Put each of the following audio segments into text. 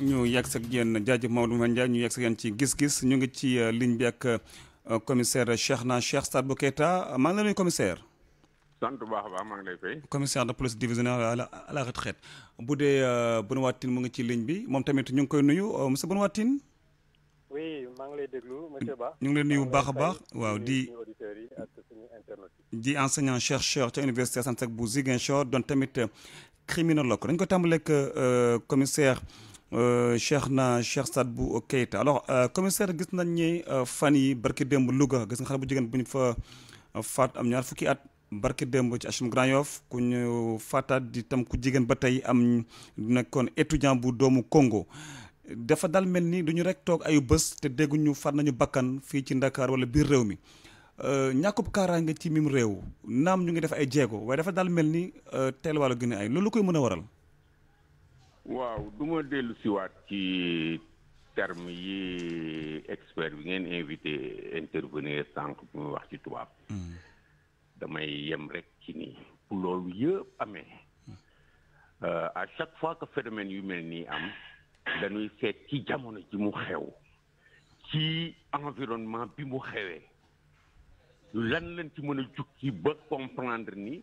ñu yegg sa yéen jaajëf Maodo Ndiaye ñu yegg sa yéen ci gis-gis ñu ngi ci euh, ligne bi ak euh, commissaire Cheikhna Cheikh Sadibou Keita maa ngi lay commissaire. sant bu baax a baax maa ngi lay fay. commissaire de police divisionnaire à la retraite bu dee euh, Benoît Tine mu ngi ci ligne bi moom tamit ñu ngi koy nuyu monsieur Benoît Tine. oui ma ngi lay déglu monsieur Ba. ñu ngi lay nuyu bu baax a baax waaw di di enseignant chercheur ca université Assane Seck bu Ziguinchor doon tamit criminologue dañ ko ak commissaire. Euh, Cheikh na Cheikh bu Keita alors euh, commissaire gis nañ ni euh, fan yi barki démb Louga gis nga xale bu jigéen bu ñu fa faat am ñaar fukki at barki démb ci HLM Grand Yoff ku ñu faataat di tam ku jigéen ba tey am nekkoon étudiant bu doomu kongo dafa dal mel ni du ñu rek toog ayu bés te dégguñu faat nañu bakkan fii ci Ndakaar wala biir réew mi ñàkkub kaaraange ci mim réew naam ñu ngi def ay jéego waaye dafa daal mel ni teel wàllu Guinée ay loolu koy mën a waral. waaw du ma dellu waat ci terme yi expert bi ngeen invité intervenir sànq bu muy wax ci tubaab hmm. damay yem rek ci nii pour loolu yëpp amee euh, à chaque fois que phénomène yu mel nii am dañuy seet ci jamono ji mu xew ci environnement bi mu xewee lan lañ ci mën a jukki ba comprendre nii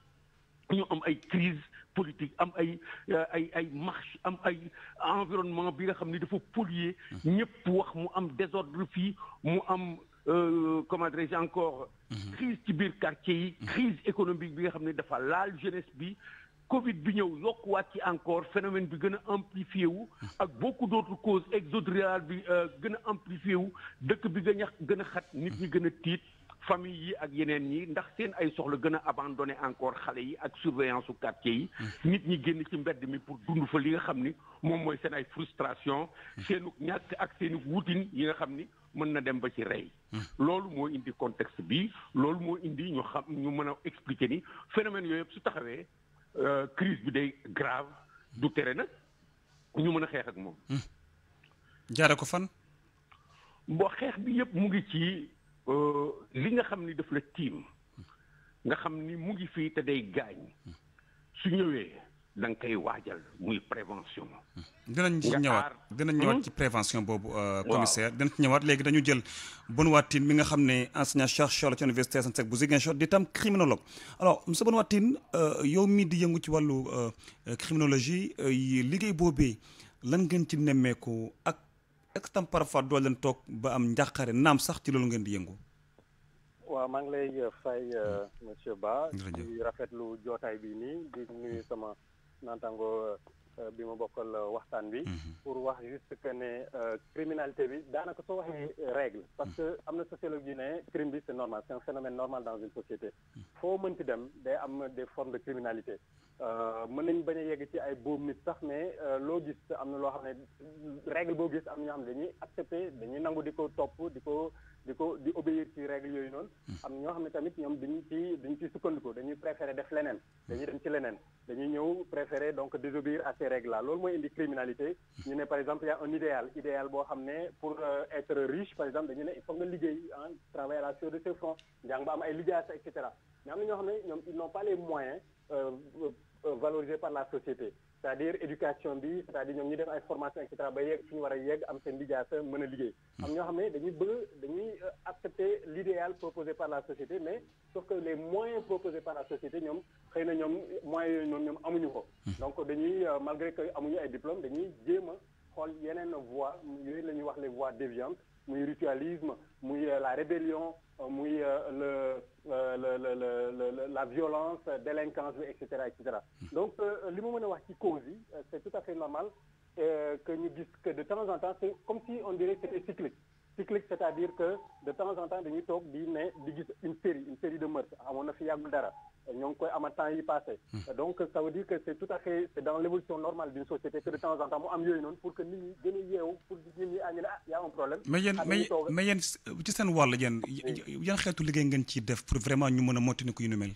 ñu am une crise politique am ay euh, ay environnement bi nga xam mhm. désordre fii mu euh, encore mhm. crise ci quartier mhm. crise économique bi nga xam jeunesse bi covid bi encore phénomène bi amplifié wu beaucoup d'autres causes exode rural euh, bi gën wu bi famille yi ak yeneen yi ndax seen ay soxla gën a abandonné encore xale yi ak surveillance quartier yi. Mm. nit ñi génn ci mbedd mi pour dund fa li nga xam ni moom mooy seen ay frustration mm. seenu ñàkk ak seenu wutin yi nga xam ni mën na dem ba ci rey. Mm. loolu moo indi contexte bi loolu moo indi ñu xam ñu mën a expliquer ni phénomène yooyu yëpp su taxawee euh, crise bi day grave du tere nag ñu mën a xeex ak moom. jaare ko fan. boo xeex bi yëpp mu ngi ci li nga xam ni daf la tiim nga xam ni mu ngi fii te day gaañ su ñëwee da nga koy waajal muy prévention. dinañ ci ñëwaat dinañ ñëwaat hmm? ci prévention boobu. Euh, commissaire dinañ ci ñëwaat léegi dañu jël Benoît Tine mi nga xam ne enseignant chercheur la ci université Assane bu Ziguinchor di tam criminologue. alors monsieur Benoît euh, yow mii di yëngu ci wàllu euh, criminologie liggéey boobee lan ngeen ci nemmeeku ak est tam parfois doo leen toog ba am njàqare naam sax ci loolu ngeen di yëngu. waaw maa ngi lay euh, fay euh, mm. monsieur Ba. di rafetlu jootaay bi nii di nuyu mm-hmm. sama naataango euh, bi ma bokkal waxtaan bi. Mm-hmm. pour wax juste que ne criminalité bi daanaka soo waxee règle. parce que mm-hmm. am na sociologue yu ne crime bi c'est normal c'est un phénomène normal dans une société. foo mënti dem day am des formes de criminalité. mën nañ bañ a yegg ci ay boobu nit sax mais loo gis am na loo xam ne règle boo gis am na ñoo xam ne dañuy accepter dañuy nangu di ko topp di di ko di obéir ci règle yooyu noonu hmm. am ñoo xam ne tamit ñoom dañu ci dañu ci sukkandiku dañuy préféré def leneen hmm. dañuy dem ci leneen dañuy ñëw préféré donc désobéir à ces règles là loolu mooy indi criminalité hmm. ñu ne par exemple il y a un idéal idéal boo xam ne pour euh, être riche par exemple dañu ne il faut nga liggéey ah travailler à la sueur de ses fronts njàng ba am ay liggéey et cetera mais am ñoo xam ne ñoom ils n'ont pas les moyens euh, euh, valorisés par la société c'est-à-dire éducation bi c'est-à-dire ñoom ñu def ay formation et cetera ba yegg fi ñu war a yegg am seen lijaasa mën a liggéey am ñoo xam ne dañuy bëgg dañuy euh, accepter l'idéal proposé par la société mais sauf que les moyens proposés par la société ñoom xëy na ñoom moyens yooyu noonu ñoom amuñu ko hmm. donc dañuy euh, malgré que amuñu ay diplôme dañuy jéem a xool yeneen voies yooyu la ñuy wax les voies déviantes muy ritualisme muy euh, la rébellion oui, euh, euh, le la violence euh, délinquance etc. Hmm. donc le moment où on voit ci cause c'est tout à fait normal que nous disons que de temps en temps c'est comme si on dirait que c'était cyclique cyclique c'est-à-dire que de temps en temps dañuy toog di ne di gis une série une série de meurtres amoon fi yàggul dara ñong ngi koy à temps yi passé hmm. donc ça veut dire que c'est tout à fait c'est dans l'évolution normale d'une société que de temps en temps mu am yoy non pour que nit ñi gën a pour nit ñi ah ah y a un problème mais yéen ah, mais mais ci sen wàll yéen yan xeetu liggéey ngeen ci def pour vraiment ñu mëna a mottini ko yu mel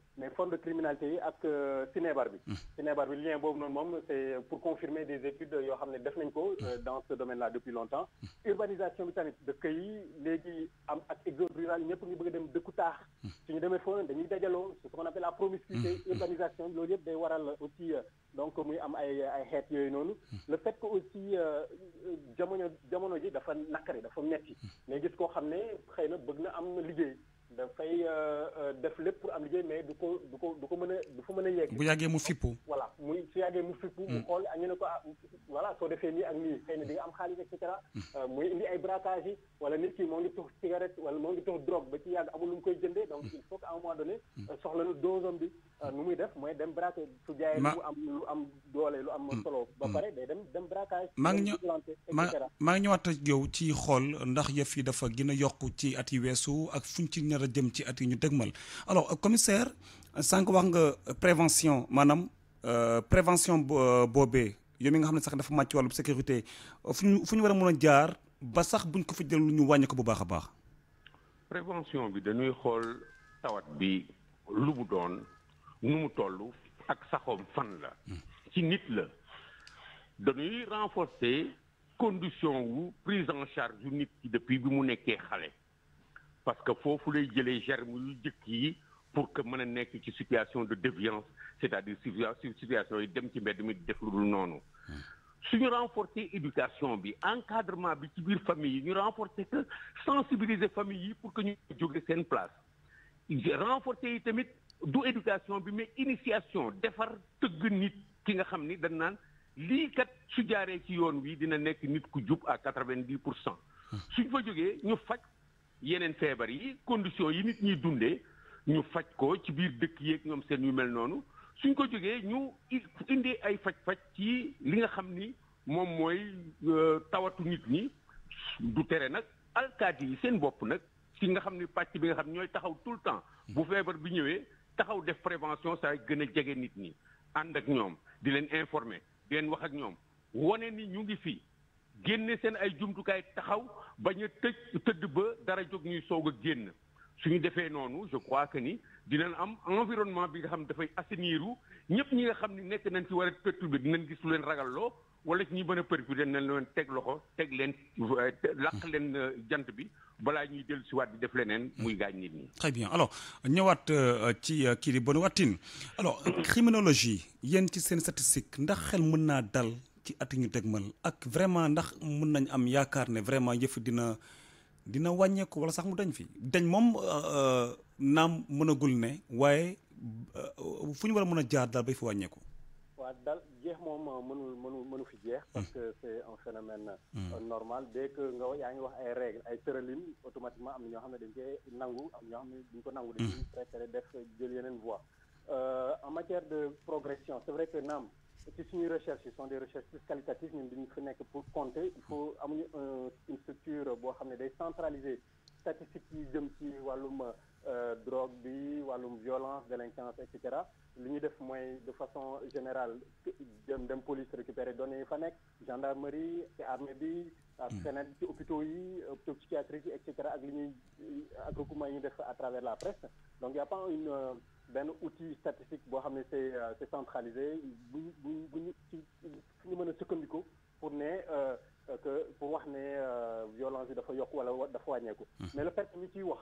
mais forme de criminalité ak sinébar euh, bi sinébar hmm. bi lien boobu noonu moom c'est pour confirmer des études yoo xam ne def nañ ko hmm. euh, dans ce domaine là depuis longtemps hmm. urbanisation bi tamit dëkk yi léegi am ak exode rural ñëpp ngi bëgg a dem dëkku taax suñu demee foofu dañuy dajaloo ce qu'on appelle la promiscuité urbanisation bi loolu yëpp day waral aussi euh, donc muy am ay ay xeet yooyu noonu le fait que aussi jamono jamono ji dafa naqari dafa metti mais gis koo xam ne xëy na bëgg na am liggéey dafay euh, euh, def lépp pour am liggéey mais du ko du ko du ko mën a du fa mën a yegg. bu yàggee mu fippu. voilà muy su yàggee mu fippu. mu hmm. xool ah, ñu ne ko ah voilà soo defee nii ak nii xëy na di nga am xaalis et hmm. euh, muy indi ay braquage yi wala nit ki moo ngi tox cigarette wala moo ngi tox drogue ba ci yàgg amul lu mu koy jëndee donc hmm. il faut que à un moment donné. soxla na dosam bi nu muy def mooy dem braqué. su jaayee lu am lu am doole lu am solo. ba pare day dem dem braquage. maa ngi ñëw maa ngi ci xool ndax yëf yi dafa gën a yokk ci at yi weesu ak nar a jëm ci at yi ñu dëgmal alors euh, commissaire sànq wax nga euh, prévention maanaam euh, prévention boobee yow mi nga xam ne sax dafa màcc wàllu sécurité fu ñu fu ñu war a mën a jaar ba sax buñ ko fi jël lu ñu wàññi ko bu baax a baax. prévention bi dañuy xool tawat bi lu mu doon nu mu toll ak saxoom fan la. ci nit la dañuy renforcer condition wu prise en charge nit ki depuis bi mu nekkee xale parce que faut lay les germe de qui pour que mën a ci situation de déviance c'est-à-dire situation yi dem ci mbedd mi def lu hmm. suñu renforcer éducation bi encadrement bi famille Nous ñu renforcer que sensibiliser famille pour que ñu jóge une place renforcer yi tamit éducation mais initiation de faire nit ki nga xam ni dañ naan lii kat su jaaree ci yoon wi dina nek nit ku à 90%. Si hmm. suñ fa ñu yeneen feebar yi condition yi nit ñi dundee ñu faj ko ci biir dëkk yeeg ñoom seen yu mel noonu suñ ko jógee ñu indi ay faj-faj ci li nga xam ni moom mooy euh, tawatu nit ñi du tere nag alkaati yi seen bopp nag ci nga xam ni pàcc bi nga xam ñooy taxaw tout le temps bu feebar bi ñëwee taxaw def prévention saa gën a jege nit ñi ànd ak ñoom di leen informer di leen wax ak ñoom wone ni ñu ngi fii génne seen ay jumtukaay taxaw bañ a tëj tëdd ba dara jóg ñuy soog a génn suñu defee noonu je crois que ni dinañ am environnement bi nga xam dafay assiniru ñëpp ñi nga xam ni nekk nañ ci war a bi dinañ gis lu leen ragalloo wala ci ñi mën a perturbé nañ leen teg loxo teg leen euh, làq hmm. leen euh, jant bi balaa ñuy dellu si waat di def leneen hmm. muy gaañ nit ñi. très bien alors ñëwaat euh, ci kii di Bonabattine alors criminologie yéen ci seen statistique ndax xel mën naa dal. ci at ñu dégmal ak vraiment ndax mën nañ am yaakaar ne vraiment yëf dina dina wàññeeku wala sax mu dañ fi dañ moom euh, euh, naam mënagul ne waaye euh, fu ñu war a mën a jaar daal bay fi wàññeeku waaw dal jeex moom mënul mënu mënu fi jeex hmm. parce que c' est un phénomène hmm. normal dès que nga yaa ngi wax ay règle ay tëralin automatiquement am na ñoo xam ne dañ koy nangu am ñoo xam ne duñ ko nangu hmm. dañuy préféré def jël yeneen voie en matière de progression c' est vrai que naam ci suñuy recherche ce sont des recherches plus qualitatives ñun duñu fi nekk pour compter il faut amener euh, une structure boo xam ne centraliser statistiques yi jëm ci wàllum wàllum violence délinquance et cetera li ñu def mooy de façon générale dem dem police récupérer données yi fa nekk gendarmerie ci armée bi ak hmm. feneen ci hôpitaux yi hôpitaux psychiatriques et cetera ak li ñuy ak recoupement yi def à travers la presse donc y a pas une euh, benn outil statistique boo xam ne c'est euh, c'est centralisé bu bu bu ñu ci fu ñu mën a sukkandiku pour ne euh, que pour wax ne violence yi dafa yokk wala dafa wàññeeku hmm. mais le fait ñu ciy wax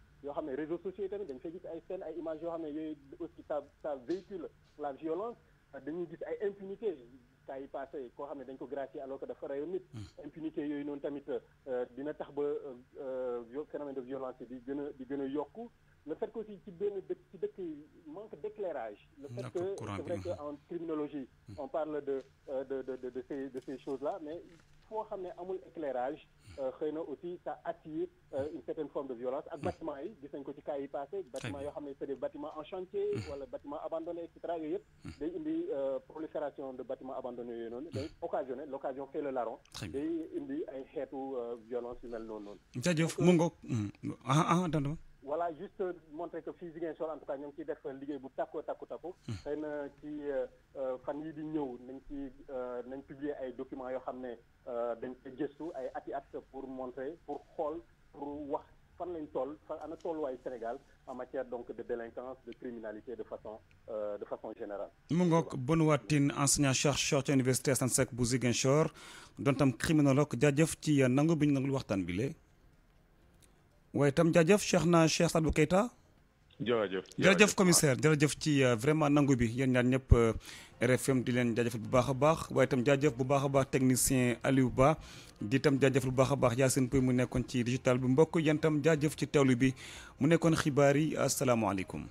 yoo xam ne réseaux sociaux tamit dañ fay gis ay scènes ay images yoo xam ne yooyu aussi ça ça véhicule la violence dañuy gis ay impunité cas yi passé koo xam ne dañ ko gracier alors que dafa rayoon nit hmm. impunité yooyu noonu tamit euh, dina tax ba euh, phénomène de violence di gën a di gën a yokku le fait que aussi ci benn dëkk ci dëkk yi manque d'éclairage le fait que c'est vrai que en criminologie hmm. on parle euh, de de de de ces de ces choses là mais foo xam ne amul éclairage euh, xëy na aussi ça attire euh, une certaine forme de violence ak bâtiment yi gis nañ ko ci cas yi passé bâtiment yoo xam ne c'est des bâtiments en chantier mmh. wala bâtiment abandonné et cetera yooyu yëpp mmh. day indi euh, prolifération de bâtiments abandonnés yooyu noonu day occasionné l'occasion fait le larron day indi ay xeetu violence yu mel noonu noonu mu ngoog mmh. ah ah voilà juste euh, montrer que fii Ziguinchor en tout cas ñoo ngi ciy def liggéey bu takko takku takku. Hmm. xëy na ci euh, euh, fan yi di ñew nañ ci nañ publier ay documents yo xamné dañ ci gëstu ay ati at pour montrer pour xol pour wax fan lañ toll fa ana way Sénégal en matière donc de délinquance de criminalité de façon de façon générale. mu ngok Benoît Tine enseignant chercheur à université saint Seck bu Ziguinchor doon tam criminologue jajeuf ci nangu bi nangul waxtan bi lé waaye itam jaajëf Cheikh na Cheikh Sadibou Keita. jërëjëf jërëjëf commissaire jërëjëf ci euh, vraiment nangu bi yéen ñaar ñëpp euh, RFM di leen jaajëfal bu baax a baax waaye itam jaajëf bu baax a baax technicien Aliou Ba di tam jaajëf bu baax a baax Yacine Pouy mu nekkoon ci digital bi mbokk yéen jaajëf ci teewlu bi mu nekkoon xibaar yi asalaamaaleykum.